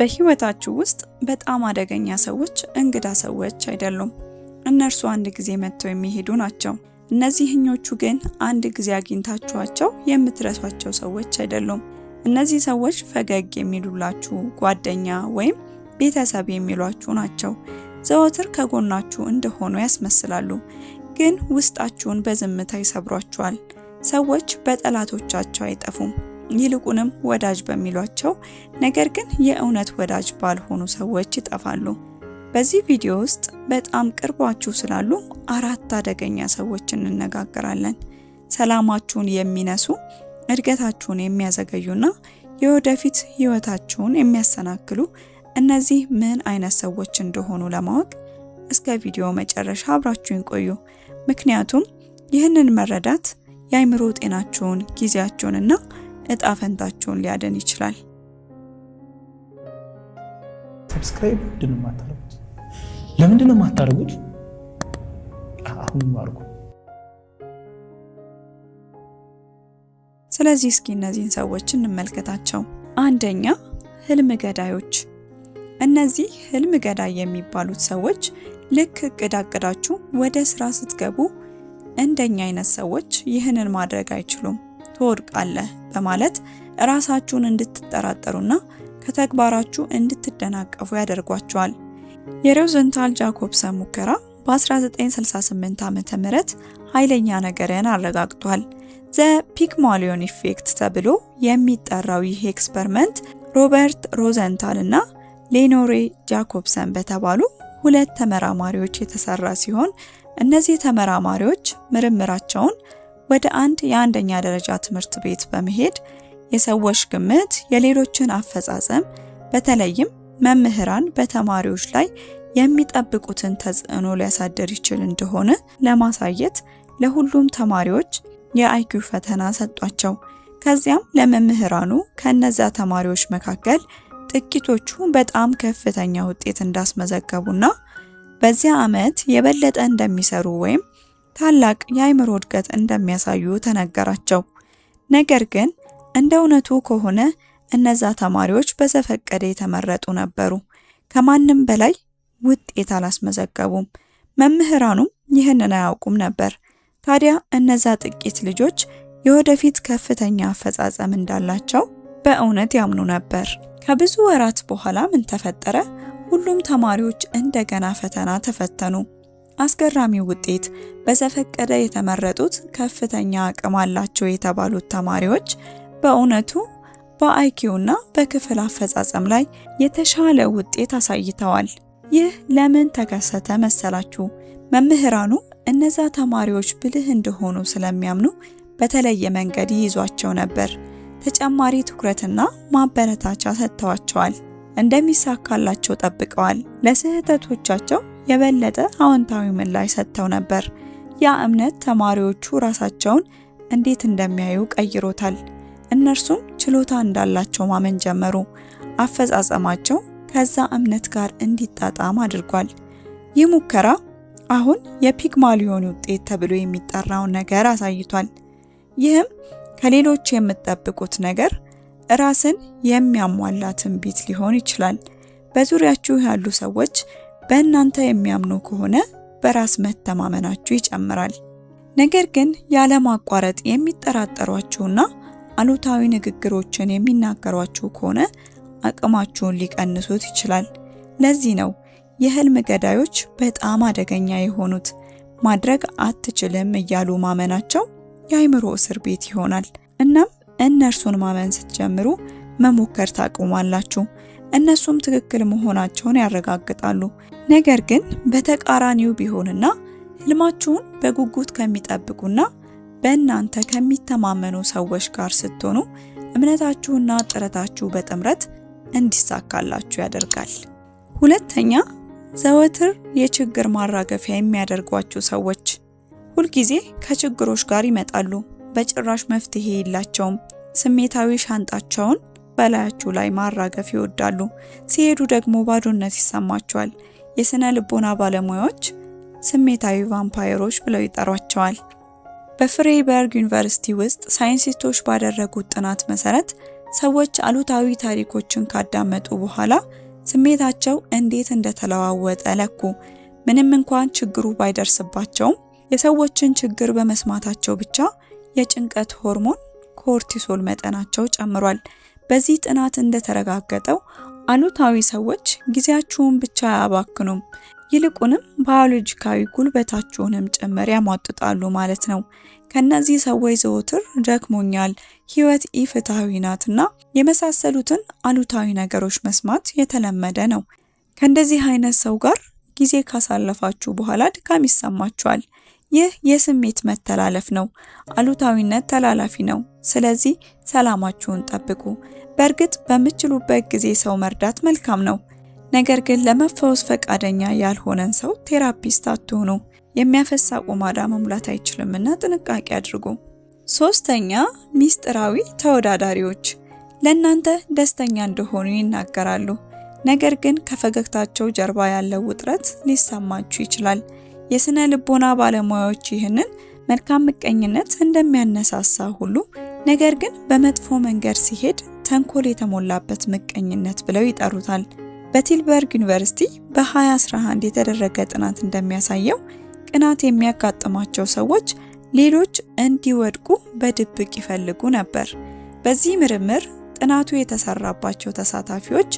በህይወታችሁ ውስጥ በጣም አደገኛ ሰዎች እንግዳ ሰዎች አይደሉም። እነርሱ አንድ ጊዜ መጥተው የሚሄዱ ናቸው። እነዚህኞቹ ግን አንድ ጊዜ አግኝታችኋቸው የምትረሷቸው ሰዎች አይደሉም። እነዚህ ሰዎች ፈገግ የሚሉላችሁ ጓደኛ ወይም ቤተሰብ የሚሏችሁ ናቸው። ዘወትር ከጎናችሁ እንደሆኑ ያስመስላሉ፣ ግን ውስጣችሁን በዝምታ ይሰብሯችኋል። ሰዎች በጠላቶቻቸው አይጠፉም። ይልቁንም ወዳጅ በሚሏቸው ነገር ግን የእውነት ወዳጅ ባልሆኑ ሰዎች ይጠፋሉ። በዚህ ቪዲዮ ውስጥ በጣም ቅርባችሁ ስላሉ አራት አደገኛ ሰዎች እንነጋገራለን። ሰላማችሁን የሚነሱ፣ እድገታችሁን የሚያዘገዩና የወደፊት ህይወታችሁን የሚያሰናክሉ እነዚህ ምን አይነት ሰዎች እንደሆኑ ለማወቅ እስከ ቪዲዮ መጨረሻ አብራችሁን ቆዩ። ምክንያቱም ይህንን መረዳት የአይምሮ ጤናችሁን፣ ጊዜያችሁንና እጣ ፈንታቸውን ሊያደን ይችላል። ሰብስክራይብ ምንድን ነው የማታደርጉት? ለምንድን ነው የማታደርጉት? አሁንም አድርጉ። ስለዚህ እስኪ እነዚህን ሰዎች እንመልከታቸው። አንደኛ ህልም ገዳዮች። እነዚህ ህልም ገዳይ የሚባሉት ሰዎች ልክ እቅድ አቅዳችሁ ወደ ስራ ስትገቡ እንደኛ አይነት ሰዎች ይህንን ማድረግ አይችሉም። ትወድቃለህ በማለት ራሳችሁን እንድትጠራጠሩና ከተግባራችሁ እንድትደናቀፉ ያደርጓቸዋል። የሮዘንታል ጃኮብሰን ሙከራ በ1968 ዓ ም ኃይለኛ ነገርን አረጋግጧል። ዘ ፒክማሊዮን ኢፌክት ተብሎ የሚጠራው ይህ ኤክስፐሪመንት ሮበርት ሮዘንታል እና ሌኖሬ ጃኮብሰን በተባሉ ሁለት ተመራማሪዎች የተሰራ ሲሆን እነዚህ ተመራማሪዎች ምርምራቸውን ወደ አንድ የአንደኛ ደረጃ ትምህርት ቤት በመሄድ የሰዎች ግምት የሌሎችን አፈጻጸም በተለይም መምህራን በተማሪዎች ላይ የሚጠብቁትን ተጽዕኖ ሊያሳድር ይችል እንደሆነ ለማሳየት ለሁሉም ተማሪዎች የአይኪው ፈተና ሰጧቸው። ከዚያም ለመምህራኑ ከነዛ ተማሪዎች መካከል ጥቂቶቹ በጣም ከፍተኛ ውጤት እንዳስመዘገቡና በዚያ ዓመት የበለጠ እንደሚሰሩ ወይም ታላቅ የአእምሮ እድገት እንደሚያሳዩ ተነገራቸው። ነገር ግን እንደ እውነቱ ከሆነ እነዛ ተማሪዎች በዘፈቀደ የተመረጡ ነበሩ። ከማንም በላይ ውጤት አላስመዘገቡም። መምህራኑም ይህንን አያውቁም ነበር። ታዲያ እነዛ ጥቂት ልጆች የወደፊት ከፍተኛ አፈጻጸም እንዳላቸው በእውነት ያምኑ ነበር። ከብዙ ወራት በኋላ ምን ተፈጠረ? ሁሉም ተማሪዎች እንደገና ፈተና ተፈተኑ። አስገራሚው ውጤት በዘፈቀደ የተመረጡት ከፍተኛ አቅም አላቸው የተባሉት ተማሪዎች በእውነቱ በአይኪው እና በክፍል አፈጻጸም ላይ የተሻለ ውጤት አሳይተዋል። ይህ ለምን ተከሰተ መሰላችሁ? መምህራኑ እነዛ ተማሪዎች ብልህ እንደሆኑ ስለሚያምኑ በተለየ መንገድ ይይዟቸው ነበር። ተጨማሪ ትኩረትና ማበረታቻ ሰጥተዋቸዋል። እንደሚሳካላቸው ጠብቀዋል። ለስህተቶቻቸው የበለጠ አዎንታዊ ምላሽ ሰጥተው ነበር። ያ እምነት ተማሪዎቹ ራሳቸውን እንዴት እንደሚያዩ ቀይሮታል። እነርሱም ችሎታ እንዳላቸው ማመን ጀመሩ። አፈጻጸማቸው ከዛ እምነት ጋር እንዲጣጣም አድርጓል። ይህ ሙከራ አሁን የፒግማሊዮን ውጤት ተብሎ የሚጠራውን ነገር አሳይቷል። ይህም ከሌሎች የምትጠብቁት ነገር ራስን የሚያሟላ ትንቢት ሊሆን ይችላል። በዙሪያችሁ ያሉ ሰዎች በእናንተ የሚያምኑ ከሆነ በራስ መተማመናችሁ ይጨምራል። ነገር ግን ያለማቋረጥ የሚጠራጠሯችሁና አሉታዊ ንግግሮችን የሚናገሯችሁ ከሆነ አቅማችሁን ሊቀንሱት ይችላል። ለዚህ ነው የህልም ገዳዮች በጣም አደገኛ የሆኑት። ማድረግ አትችልም እያሉ ማመናቸው የአይምሮ እስር ቤት ይሆናል። እናም እነርሱን ማመን ስትጀምሩ መሞከር ታቆማላችሁ። እነሱም ትክክል መሆናቸውን ያረጋግጣሉ። ነገር ግን በተቃራኒው ቢሆንና ህልማችሁን በጉጉት ከሚጠብቁና በእናንተ ከሚተማመኑ ሰዎች ጋር ስትሆኑ እምነታችሁና ጥረታችሁ በጥምረት እንዲሳካላችሁ ያደርጋል። ሁለተኛ፣ ዘወትር የችግር ማራገፊያ የሚያደርጓችሁ ሰዎች ሁልጊዜ ከችግሮች ጋር ይመጣሉ። በጭራሽ መፍትሄ የላቸውም። ስሜታዊ ሻንጣቸውን በላያችሁ ላይ ማራገፍ ይወዳሉ። ሲሄዱ ደግሞ ባዶነት ይሰማቸዋል። የስነ ልቦና ባለሙያዎች ስሜታዊ ቫምፓየሮች ብለው ይጠሯቸዋል። በፍሬይበርግ ዩኒቨርሲቲ ውስጥ ሳይንቲስቶች ባደረጉት ጥናት መሰረት ሰዎች አሉታዊ ታሪኮችን ካዳመጡ በኋላ ስሜታቸው እንዴት እንደተለዋወጠ ለኩ። ምንም እንኳን ችግሩ ባይደርስባቸውም የሰዎችን ችግር በመስማታቸው ብቻ የጭንቀት ሆርሞን ኮርቲሶል መጠናቸው ጨምሯል። በዚህ ጥናት እንደተረጋገጠው አሉታዊ ሰዎች ጊዜያችሁን ብቻ አያባክኑም፣ ይልቁንም ባዮሎጂካዊ ጉልበታችሁንም ጭምር ያሟጥጣሉ ማለት ነው። ከእነዚህ ሰዎች ዘወትር ደክሞኛል፣ ህይወት ኢፍትሐዊ ናትና የመሳሰሉትን አሉታዊ ነገሮች መስማት የተለመደ ነው። ከእንደዚህ አይነት ሰው ጋር ጊዜ ካሳለፋችሁ በኋላ ድካም ይሰማችኋል። ይህ የስሜት መተላለፍ ነው። አሉታዊነት ተላላፊ ነው። ስለዚህ ሰላማችሁን ጠብቁ። በእርግጥ በምትችሉበት ጊዜ ሰው መርዳት መልካም ነው። ነገር ግን ለመፈወስ ፈቃደኛ ያልሆነን ሰው ቴራፒስት አትሆኑ። የሚያፈሳ ቁማዳ መሙላት አይችልምና ጥንቃቄ አድርጉ። ሶስተኛ ሚስጥራዊ ተወዳዳሪዎች ለእናንተ ደስተኛ እንደሆኑ ይናገራሉ፣ ነገር ግን ከፈገግታቸው ጀርባ ያለው ውጥረት ሊሰማችሁ ይችላል። የስነ ልቦና ባለሙያዎች ይህንን መልካም ምቀኝነት እንደሚያነሳሳ ሁሉ ነገር ግን በመጥፎ መንገድ ሲሄድ ተንኮል የተሞላበት ምቀኝነት ብለው ይጠሩታል። በቲልበርግ ዩኒቨርሲቲ በ2011 የተደረገ ጥናት እንደሚያሳየው ቅናት የሚያጋጥማቸው ሰዎች ሌሎች እንዲወድቁ በድብቅ ይፈልጉ ነበር። በዚህ ምርምር ጥናቱ የተሰራባቸው ተሳታፊዎች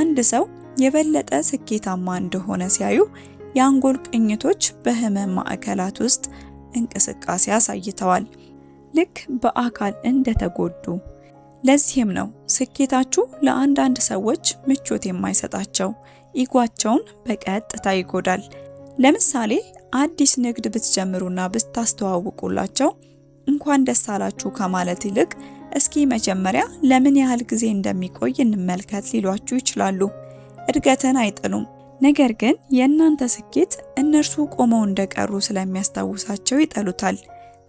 አንድ ሰው የበለጠ ስኬታማ እንደሆነ ሲያዩ የአንጎል ቅኝቶች በህመም ማዕከላት ውስጥ እንቅስቃሴ አሳይተዋል፣ ልክ በአካል እንደተጎዱ። ለዚህም ነው ስኬታችሁ ለአንዳንድ ሰዎች ምቾት የማይሰጣቸው፣ ኢጓቸውን በቀጥታ ይጎዳል። ለምሳሌ አዲስ ንግድ ብትጀምሩና ብታስተዋውቁላቸው እንኳን ደስ አላችሁ ከማለት ይልቅ እስኪ መጀመሪያ ለምን ያህል ጊዜ እንደሚቆይ እንመልከት ሊሏችሁ ይችላሉ። እድገትን አይጥሉም፣ ነገር ግን የእናንተ ስኬት እነርሱ ቆመው እንደቀሩ ስለሚያስታውሳቸው ይጠሉታል።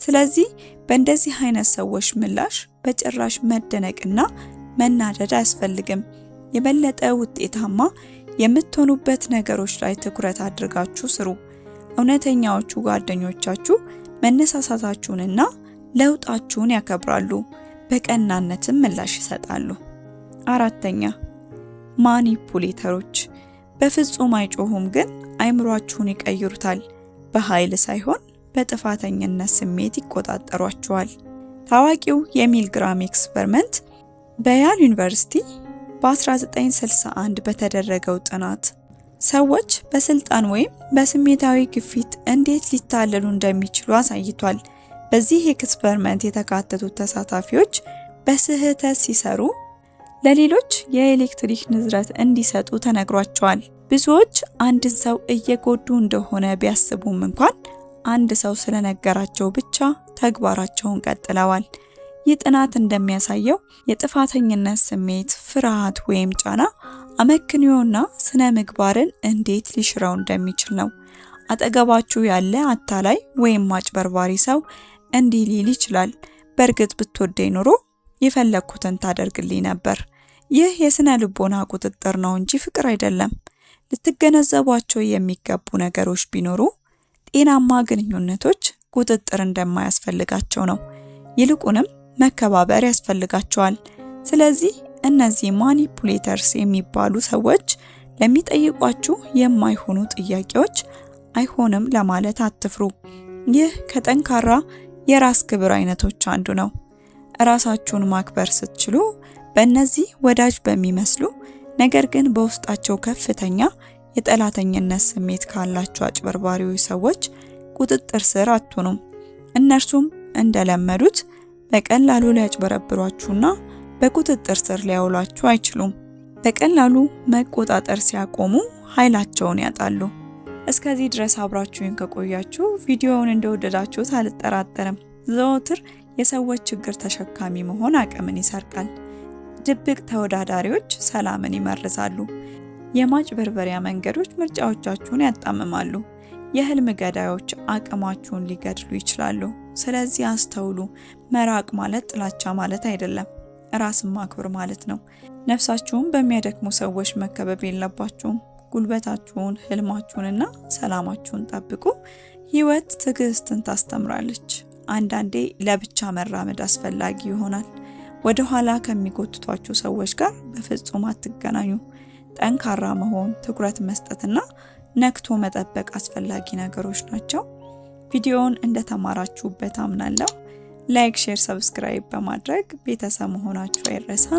ስለዚህ በእንደዚህ አይነት ሰዎች ምላሽ በጭራሽ መደነቅና መናደድ አያስፈልግም። የበለጠ ውጤታማ የምትሆኑበት ነገሮች ላይ ትኩረት አድርጋችሁ ስሩ። እውነተኛዎቹ ጓደኞቻችሁ መነሳሳታችሁንና ለውጣችሁን ያከብራሉ፣ በቀናነትም ምላሽ ይሰጣሉ። አራተኛ ማኒፑሌተሮች በፍጹም አይጮሁም፣ ግን አይምሯችሁን ይቀይሩታል። በኃይል ሳይሆን በጥፋተኝነት ስሜት ይቆጣጠሯችኋል። ታዋቂው የሚል ግራም ኤክስፐሪመንት በያል ዩኒቨርሲቲ በ1961 በተደረገው ጥናት ሰዎች በስልጣን ወይም በስሜታዊ ግፊት እንዴት ሊታለሉ እንደሚችሉ አሳይቷል። በዚህ ኤክስፐሪመንት የተካተቱት ተሳታፊዎች በስህተት ሲሰሩ ለሌሎች የኤሌክትሪክ ንዝረት እንዲሰጡ ተነግሯቸዋል። ብዙዎች አንድን ሰው እየጎዱ እንደሆነ ቢያስቡም እንኳን አንድ ሰው ስለነገራቸው ብቻ ተግባራቸውን ቀጥለዋል። ይህ ጥናት እንደሚያሳየው የጥፋተኝነት ስሜት፣ ፍርሃት ወይም ጫና አመክንዮና ስነ ምግባርን እንዴት ሊሽረው እንደሚችል ነው። አጠገባችሁ ያለ አታላይ ወይም አጭበርባሪ ሰው እንዲህ ሊል ይችላል፣ በእርግጥ ብትወደኝ ኑሮ የፈለግኩትን ታደርግልኝ ነበር። ይህ የስነ ልቦና ቁጥጥር ነው እንጂ ፍቅር አይደለም። ልትገነዘቧቸው የሚገቡ ነገሮች ቢኖሩ ጤናማ ግንኙነቶች ቁጥጥር እንደማያስፈልጋቸው ነው። ይልቁንም መከባበር ያስፈልጋቸዋል። ስለዚህ እነዚህ ማኒፑሌተርስ የሚባሉ ሰዎች ለሚጠይቋችሁ የማይሆኑ ጥያቄዎች አይሆንም ለማለት አትፍሩ። ይህ ከጠንካራ የራስ ክብር አይነቶች አንዱ ነው። ራሳችሁን ማክበር ስትችሉ በእነዚህ ወዳጅ በሚመስሉ ነገር ግን በውስጣቸው ከፍተኛ የጠላተኝነት ስሜት ካላቸው አጭበርባሪዎች ሰዎች ቁጥጥር ስር አትሆኑም። እነርሱም እንደለመዱት በቀላሉ ሊያጭበረብሯችሁና በቁጥጥር ስር ሊያውሏችሁ አይችሉም። በቀላሉ መቆጣጠር ሲያቆሙ ኃይላቸውን ያጣሉ። እስከዚህ ድረስ አብራችሁን ከቆያችሁ ቪዲዮውን እንደወደዳችሁት አልጠራጠርም። ዘወትር የሰዎች ችግር ተሸካሚ መሆን አቅምን ይሰርቃል። ድብቅ ተወዳዳሪዎች ሰላምን ይመርዛሉ። የማጭበርበሪያ መንገዶች ምርጫዎቻችሁን ያጣምማሉ። የህልም ገዳዮች አቅማችሁን ሊገድሉ ይችላሉ። ስለዚህ አስተውሉ። መራቅ ማለት ጥላቻ ማለት አይደለም፣ ራስን ማክብር ማለት ነው። ነፍሳችሁን በሚያደክሙ ሰዎች መከበብ የለባችሁም። ጉልበታችሁን፣ ህልማችሁንና ሰላማችሁን ጠብቁ። ህይወት ትዕግስትን ታስተምራለች። አንዳንዴ ለብቻ መራመድ አስፈላጊ ይሆናል። ወደ ኋላ ከሚጎትቷችሁ ሰዎች ጋር በፍጹም አትገናኙ። ጠንካራ መሆን፣ ትኩረት መስጠትና ነክቶ መጠበቅ አስፈላጊ ነገሮች ናቸው። ቪዲዮውን እንደተማራችሁበት አምናለሁ። ላይክ፣ ሼር፣ ሰብስክራይብ በማድረግ ቤተሰብ መሆናችሁ አይረሳ።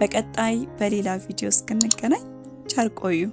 በቀጣይ በሌላ ቪዲዮ እስክንገናኝ ቸር ቆዩ።